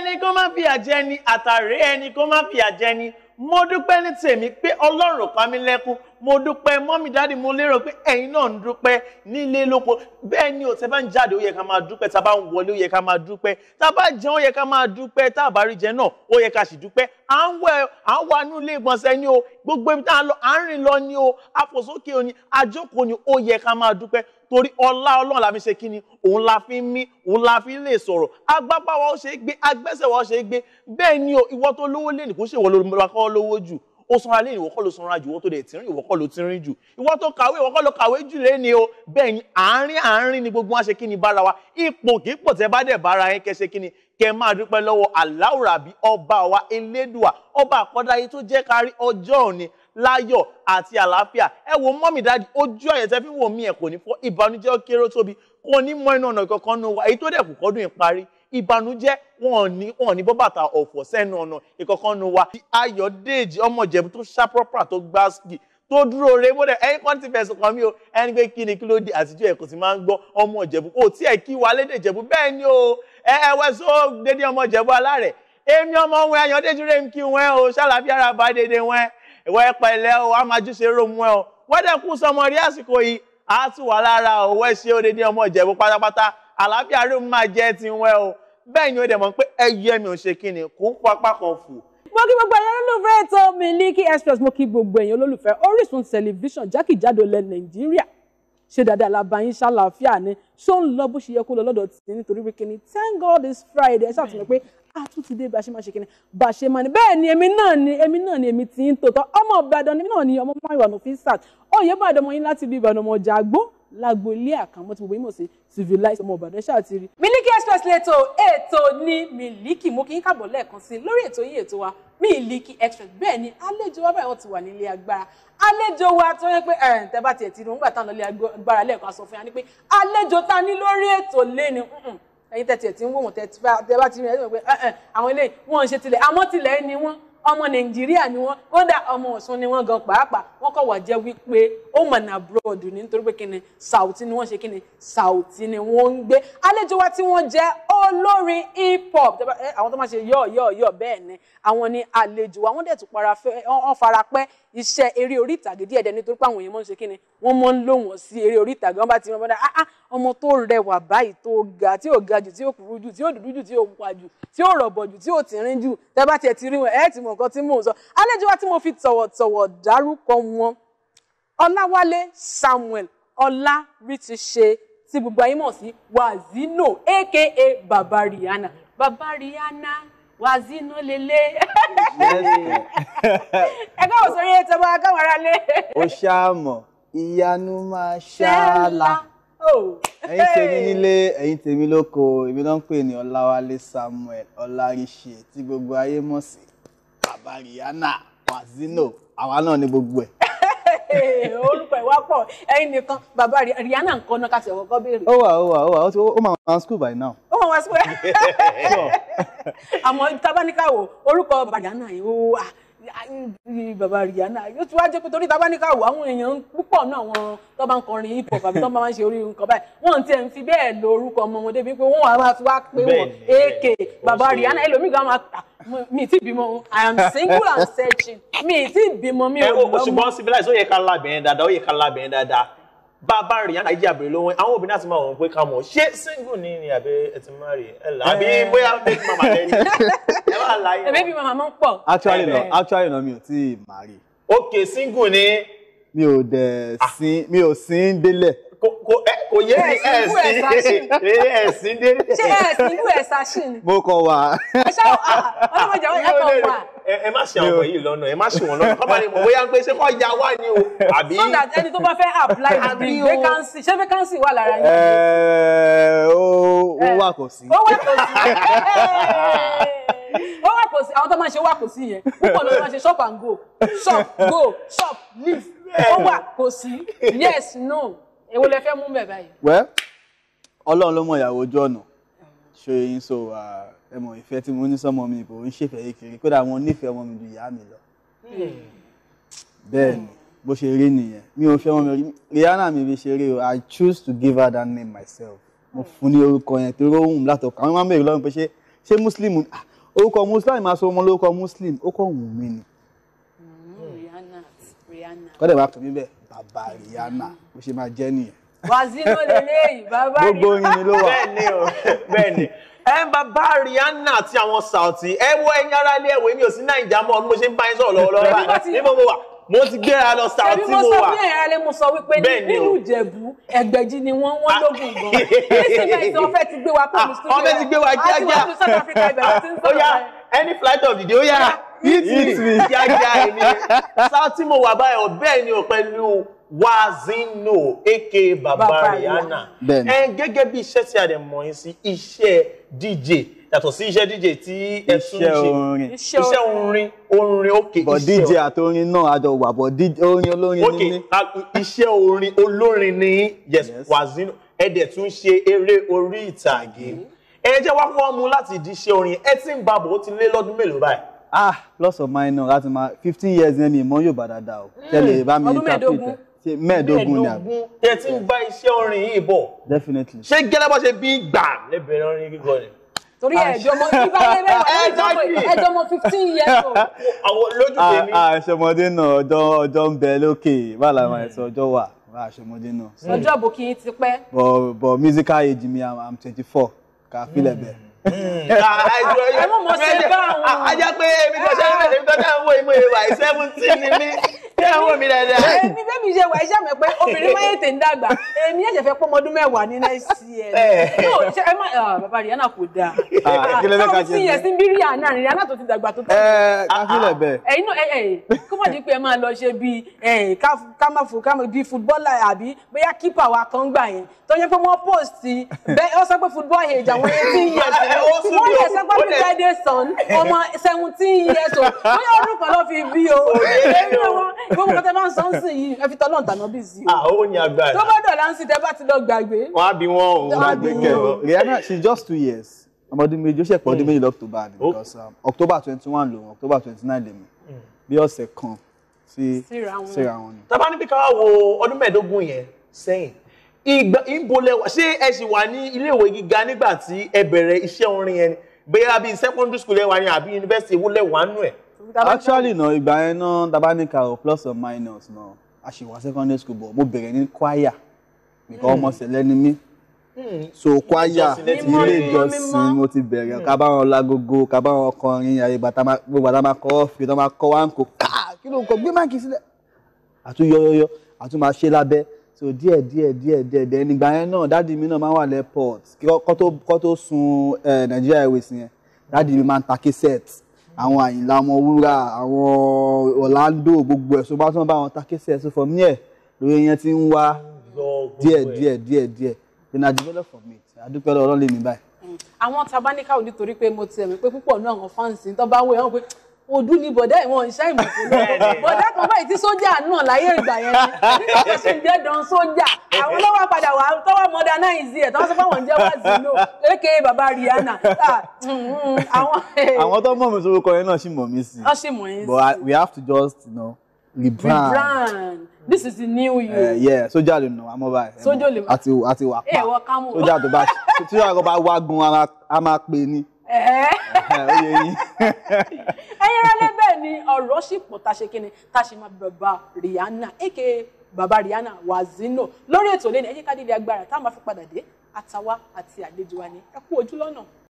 ẹni kó má fìyà jẹni àtàrẹ ẹni kó má fìyà jẹni mo dúpẹ́ ní tèmi pé ọlọ́run pa mí lẹ́kún mo dúpẹ́ mọ́mì dáàdì mo lérò pé ẹ̀yin náà ń dúpẹ́ nílé lóko bẹ́ẹ̀ ni ò tẹ́ bá ń jáde ó yẹ ká máa dúpẹ́ tá a bá ń wọlé ó yẹ ká máa dúpẹ́ tá a bá jẹun ó yẹ ká máa dúpẹ́ tá a bá rí jẹ náà ó yẹ ká sì dúpẹ́ à ń wẹ̀ à ń wà nílé ìgbọ̀nsẹ̀ ni o gbogbo ibi tá a lọ à ń rìn lọ ni o àfòsókè ni àjókòó ni ó yẹ ká máa dúpẹ́ torí ọlá ọlọ́run la fi ṣe kí ni òun la fi mí òun la fi lè sọ̀rọ̀ agbápá wa ó ṣe é gbé agbẹ́sẹ̀ wa ó ṣe é gbé bẹ́ẹ̀ ni o ìwọ tó lówó lè nìkún ṣèwọ́ lórí mi lọ́wọ́ lówó jù ó sanra lé ìwọ kọ́ ló sanra jù ìwọ tó dẹ̀ tínrín ìwọ kọ́ ló tínrín jù ìwọ tó kàwé ìwọ kọ́ ló kàwé jù lé ni o bẹ́ẹ̀ ni àárín àárín ni gbogbo wa ṣe kí ni bára wa ipò kípò tẹ́ bá dẹ̀ bára yẹn kẹ́ ṣe kí ni kẹ́ máa dúpẹ́ lọ́wọ́ aláwùrábí ọba wa elédùà ọba àkọ́dáyé tó jẹ́ kárí ọjọ́ òní láyọ̀ àti àlàáfíà ẹ wo mọ́mì dáàdi ojú ẹ̀yẹ tẹ́ fi wò mí ẹ̀ kò ní fọ́ ìbànújẹ́ kéré tóbi kò ní mọ inú ọ̀nà kankan nù wa èyí tó dẹ̀ kù kọ́dún ìparí ìbànújẹ́ wọn ní wọn ní bọ́bàtà ọ̀fọ̀ sẹ́nu ọ̀nà ìkọ̀kan nu wa. ayọ̀dèjì ọmọjẹ̀bù tó ṣàpọ̀pà tó gbáàsì tó dúró re mọ́dẹ̀ ẹ̀yin kan ti fẹ̀sùn kàn mí o ẹni pé kí ni kí ló di àtijọ́ ẹ̀kọ́ sì máa ń gbọ́ ọmọ ìjẹ̀bù o tí ẹ̀ kí wa lédè ìjẹ̀bù bẹ́ẹ̀ ni o ẹ ẹ wẹ́ sọ dédé ọmọ ìjẹ̀bù alárẹ̀ èmi ọmọ wọn Ayọ̀dèjì rẹ̀ ń kí wọn o ṣàlàbí ara bá dédé wọn ẹ̀wọ́ ẹ pẹ̀lẹ́ o a máa júṣe rò mú ẹ o wọ́n dẹ̀ kú sọmọ rí àsìkò yìí a tù wá lára o wẹ́ ṣe o dédé ọmọ ìjẹ̀bù pátápátá àlàáfíà rẹ̀ máa jẹ́ tiwọn o bẹ́ẹ̀ ni ó dẹ̀ mọ̀ pé ẹyẹ mi ò ṣe kí ni kò ń papá kan fò. mo kí gbogbo ẹ̀yin olólùfẹ́ ètò Miliki Express mo kí gbogbo ẹ̀yin olólùfẹ́ Orísun tẹlifíṣàn jákèjádò ilẹ̀ Nàìjíríà ṣe dáadáa làbáyín ṣàlàáfíà ni ṣó ń lọ bó ṣe yẹ kó lọ lọ́dọ̀ tì nítorí pé kíni thank God it's Friday ẹ ṣàtúnyẹ pé a tún ti dé bá ṣe máa ṣe kíni bá ṣe máa ní bẹ́ẹ̀ ni èmi náà ni èmi náà ni èmi ti ń tòótọ́ ọmọ Ìbàdàn náà ni ọmọ máa ìwà nù fi ń sàt Oyèbàdàn ọmọ yín láti ibi Ìbàdàn ọmọ ọjà àgbọ̀n lágbo ilé àkànmọ́ tí gbogbo yín mọ̀ sí civilized ọmọ Ìbàdàn ṣáà ti rí. Miliki Express lẹ́tọ̀ ètò ní Miliki mú kí n kàbọ̀ lẹ́ẹ̀kan sí lórí ètò yìí ètò wa Miliki Express bẹ́ẹ̀ ni àlejò wa báyìí wọ́n ti wà nílé agbára àlejò wa tó yẹ pé tẹ́ bá tiẹ̀ ti rí nígbà táwọn lọ́lé agbára lẹ́ẹ̀kan sọ fún yà ni pé àlejò ta ni lórí ètò lẹ́ni ẹ̀yin tẹ̀ tiẹ̀ ti ń wò wọ́n tẹ́ bá ti rí ẹ̀ àwọn eléyìí wọ́n ń ṣe tilẹ̀ àmọ́ tilẹ̀ ni wọ́n ọmọ nàìjíríà ni wọ́n kódà ọmọ ọ̀ṣun ni wọ́n gan pàápàá wọ́n kọ̀ wá jẹ́ wípé ó mọ̀ ní abroad ní nítorí pé kíni sàùtì ni wọ́n ṣe kíni sàùtì ni wọ́n ń gbé àlejò wa tí wọ́n jẹ́ olórin hip hop àwọn tó máa ṣe yọ̀ yọ̀ yọ̀ bẹ́ẹ̀ ni àwọn ni àlejò wa wọ́n dẹ̀ tún fara pẹ́ iṣẹ́ eré orí ìtàgé díẹ̀ dẹ̀ nítorí pé àwọn èèyàn mọ̀ ń ṣe kíni wọ́n mọ̀ ń lò wọ́n sí eré orí ìtàgé wọ́n bá ti mọ̀ bọ́dá ah ah ọmọ tó rẹwà báyìí tó ga tí ò ga jù tí ò kúrú jù tí ò dúdú jù tí ò pupa jù tí ò rọ̀bọ̀ jù tí ò tìrín jù tẹ́ bá tiẹ̀ ti rí wọn ẹ̀ ti mọ̀ nǹkan tí mò ń sọ àlejò wa tí mo fi tọ̀wọ̀tọ̀wọ̀ dárúkọ wọn Ọláwálé Samuel Ọlárí ti ṣe tí gbogbo ayé mọ̀ sí Wazino aka Baba Rihanna Baba Rihanna Wazino lele ẹ káwọn sórí ètò ọba káwọn aráalé. ó ṣáà mọ̀ ìyanu máa ṣáàlà oh. ẹ̀yin tèmi nílé ẹ̀yin tèmi lóko èmi náà ń pè ní Ọláwálé Samuel Ọláríṣe tí gbogbo ayé mọ̀ sí bàbá Rihanna Wazino àwa náà ni gbogbo ẹ̀ orúkọ ìwà pọ̀ ẹ̀yin nìkan bàbá Rihanna nǹkan náà kàṣẹ ọkọ béèrè. ó wà ó wà ó wà ó máa wá school by now. ó máa wá school àmọ́ tábánikàwò orúkọ bàbá yìí ó wà bàbá Rihanna yóò ti wá jẹ́ pé torí tábà káwọ́ àwọn èèyàn púpọ̀ náà wọn tó bá ń kọrin hip hop àbí tó bá ń ṣe orí nǹkan báyìí wọ́n ti ẹ̀ ń fi bẹ́ẹ̀ lo orúkọ ọmọ wọn débi pé wọ́n wà máa wá pé wọ́n AK bàbá Rihanna ẹlòmíì gan máa tà mi ti bímọ I am single and searching mi ti bímọ mi ò lọ́mọ. ṣùgbọ́n civilized ó yẹ ká lábẹ́yẹn dáadáa ó yẹ ká lábẹ́yẹn dáadáa bàbá rẹ̀ yàrá ìjà bèrè lọ́wọ́ àwọn obìnrin àti máa wọ̀ pé ká mọ̀ ṣé single ni ni àbí ẹ máa rí ẹ là àbí bóyá baby mama lẹ́yìn ẹ bá láyé. ẹ baby mama máa ń pọ̀. actually no actually no mi ò tí ì máa rí. ok single ni. mi ò dẹ̀ ah. sin mi ò sin délẹ̀ kò yé ẹ̀sìn ẹ̀sìn dé. ṣé ẹ̀sìn ìlú ẹ̀sà ṣì ni. mo kọ wà. ẹ ṣe ah, ọlọ́mọdé àwọn ẹ̀kọ́ wà. ẹ má ṣe àwọn yìí lọ́nà ẹ má ṣe wọn lọ́nà bàbá ni mo bóyá ń pé ṣé kọ́ ya wá ni o. àbí so that ẹni tó bá fẹ́ apply the vacancy ṣé vacancy wà lára yín. ó wà kò sí. ó wà kò sí ó wà kò sí àwọn tó máa ń ṣe wà kò sí yẹn púpọ̀ ló máa ń ṣe shop and go shop go shop leave ó wà kò sí yes no èwo lẹ fẹ́ mú mẹ́ báyìí. wẹ́ ọlọ́run ló mọ ìyàwó ojú ọ̀nà ṣe yín so ẹ mọ ìfẹ́ tí mo ní sọ́mọ mi ìbò ń ṣèfẹ́ yìí kiri kódà mo nífẹ̀ẹ́ ọmọ mi ju ìyá mi lọ. bẹ́ẹ̀ ni bó ṣe rí nìyẹn mi ò fẹ́ ọmọ mi Rihanna mi fi ṣeré o I choose to give her that name myself mo fún ní orúkọ yẹn torí ó wù mí látọkọ àwọn máa ń bèrè lọ́rùn pé ṣé muslim orúkọ muslim máa sọ ọmọ lórúkọ muslim ó kàn wù mí ni. Hmm, Rihanna Rihanna. kọ́dẹ̀ wàá tó mi bẹ́ẹ̀ bàbá Rihanna bó ṣe máa jẹ́ nìyẹn. wazino lélẹ́yìn bàbá Rihanna gbogbo yìnyín ló wà. bẹ́ẹ̀ ẹ ń bàbá Rihanna àti àwọn Saoty ẹ wọ ẹyin ara ilé ẹwẹ mi ò sí Naija mọ́ bí mo ṣe ń bá yín sọ̀rọ̀ lọ́wọ́lọ́wọ́ báyìí níbo mo wà mo ti gbéra lọ Saoty mo wà. ṣebí mo sọ fún ẹ̀rẹ́ mo sọ wípé nínú Ìjẹ̀bú Ẹgbẹ̀jì ni wọ́n wọ́n lógun gan nísìnyí ah. tí ti gbé wa pọ̀ mí sílẹ̀ ọ̀fẹ́ ti gbé wa kíákíá ó yá any flight of the day ó yá hit me kíákíá yìí ni sáà tí mo wà báyìí ọ̀bẹ́ ni ò pẹ̀lú wazino aka baba rihanna ẹ gẹ́gẹ́ bí iṣẹ́ tí a dẹ̀ mọ̀ yín sí iṣẹ́ dj yàtọ̀ sí iṣẹ́ dj tí ẹ tún ṣe iṣẹ́ orin orin òkè iṣẹ́ bọ̀ dj àtorin náà àjọ wà bọ̀ orin olórin nílé. iṣẹ́ orin olórin ní yes wazino ẹ dẹ̀ tún ṣe eré orí ìtàgé ẹ jẹ́ wá fún ọmú láti di iṣẹ́ orin ẹ ti ń babọ̀ ó ti lé lọ́dún mélòó báyìí ah lots of minor láti máa fifteen years ní ìmọ̀ yóò bá dáadáa o hmm. tẹ́lẹ̀ bá mi interpret ṣe mẹ́ẹ̀ẹ́dógún ni àbí. tẹ ti ń bá iṣẹ́ orin yìí bọ̀. definitely. ṣé gẹ́lẹ́ bá ṣe bí gbà lẹ́bẹ̀rẹ̀ orin kíkọ ni. torí ẹjọ mọ ibà lẹ́bẹ̀rẹ̀ ẹjọ mọ fifteen years old. àwọn lójú ah, tèmi. àṣemọdé ah, náà ọjọ́ ọjọ́ ń bẹ lókè bàálà máa ẹ̀ sọ ọjọ́ wà àṣemọdé náà. ọjọ́ àbòkí ti pẹ́. bọ̀ bọ̀ musical age mi i'm twenty four ẹ mọ̀ mọ̀ sí bá àwọn. ajá pé ebi tó ṣe é ebi tó ṣe é ìmọ̀ ìwà seventeen ni mí ṣé àwọn mi dáadáa. èmi bẹ́mi ṣe wà iṣẹ́ mi pé obìnrin máa yètè ń dàgbà èmi ẹ̀ṣẹ̀ fẹ́ pọ́ ọmọdún mẹ́wàá ní nẹ́ẹ̀sì ẹ̀ yóò ṣe ẹ má bàbá Rihanna kò dáa. kílẹ̀ bẹ́ẹ̀ ká ṣe é sí bí Rihanna Rihanna tó ti dàgbà tó tẹ̀. ẹ káfílẹ̀ bẹ́ẹ̀. ẹyin náà ẹ ẹ kó má di pé ẹ máa lọ ṣe bíi ká má fò ká má bíi fútbọ́ọ̀lù àbí bóyá kípà wa kan gbà yẹn tó yẹ pé wọ́n post bẹ́ẹ̀ ó sọ pé football age àwọn eighteen years wọ́n yẹ sọ pé Friday sun ọmọ seventeen years old bóyá orúkọ ló fi bí o gbogbo kọtẹ máa ń sọ ń sìn yìí ẹ fi tọ́lọ́ ìdáná bí sí o. Ah, ó ní agbára tó bá dọ̀la ń sin tẹ́ bá ti lọ gbàgbé. wọ́n á bí wọ́n òun gbàgbé kẹrọ. Rihanna she just two years ọmọdún méjì ó ṣe pọ̀ ọdún méjì lọ́kùtùbà ni oh. because um, October twenty one lòun October twenty nine lèmi bí ọ̀sẹ̀ kan sí síra wọn ni. tá bá ní bí ká wá wo ọdún mẹ́ẹ̀ẹ́dógún yẹn sẹ́yìn ìgbà ìbolẹ̀wà ṣé ẹ sì wà ní iléèwé gíga nígbà tí ẹ bẹ̀rẹ̀ iṣẹ́ orin yẹn ni bóyá secondary school ẹ wà ní àbí yunifásitì ewu lẹ́wàá nù ẹ̀ actually no. ìgbà yẹn náà tabanika o plus or minus na a ṣì secondary school but mo bẹ̀rẹ̀ ní choir because ọmọ hmm. ṣẹlẹ̀ ni mí hmm. so choir ilé ìjọsìn mo ti bẹ̀rẹ̀ hmm. ká bá wọn lágogo ká bá wọn kọrin àyè bàtà gbogbo àtàmà kọ́ ọ́fì tó máa kọ́ wá ń kó káà kí ló ń kọ gbé máàkì sílẹ̀ àtúnyọyọyọ àtúnmáa ṣe lábẹ́ so díẹ̀ díẹ̀ díẹ̀ díẹ̀ díẹ̀ nígbà yẹn náà dáàdi mi náà máa wà lẹ́pọ̀t kọ́ tó sun eh, Nigeria Airways yẹn dáàdi mi máa ń ta cassette àwọn àyìnlá ọmọwúrà àwọn Orlando gbogbo ẹ̀ ṣùgbọ́n tí wọ́n bá wọn takẹ́sẹ̀ ẹ̀ so from here lóye yẹn ti ń wá díẹ̀ díẹ̀ díẹ̀ díẹ̀ then I develop from it adúpẹ́ lọ́ọ́ lọ́ọ́ lè mi báyìí. àwọn tabaníkà ò nítorí pé mo ti ẹ̀mí pé púpọ̀ náà àwọn fáǹsì tó bá wọ ẹ̀ wọ́n pé òdu ni bọ̀dá ìwọ̀n iṣẹ́ ìmọ̀kúnlẹ̀ bọ̀dá kan báyìí tí sójà náà láyé ìgbà yẹn ni nígbà tó ṣe ń jẹ́ dán sójà àwọn lọ́wọ́ padà wà tọ́wọ́ modernize ẹ̀ tọ́wọ́ sọ fáwọn jẹ́ wá zino kékeré bàbá Rihanna ah, mm, mm, àwọn. Eh. àwọn tó mọ̀ mi sórúkọ yẹn náà ṣì mọ̀ mí sí i wọ́n i we have to just you know, rebrand. rebrand this is the new you. Uh, yeah sójà lè nà wá mọ́ báyìí. sójà lè mọ́ àti àti wà pa eh, sójà tó bá sójà tó bá wá gun a máa pè ní. ayéralé bẹ́ẹ̀ ni ọ̀rọ̀ sì pọ̀ tá a ṣe kíni tá ṣe máa bàbá Rihanna aka bàbá Rihanna Wazino lórí ètò lẹ́nu ẹ jẹ́ ká dídí agbára tá a máa fi padà dé àtàwa àti àlejò wa ni ẹ kú ojú lọ́nà.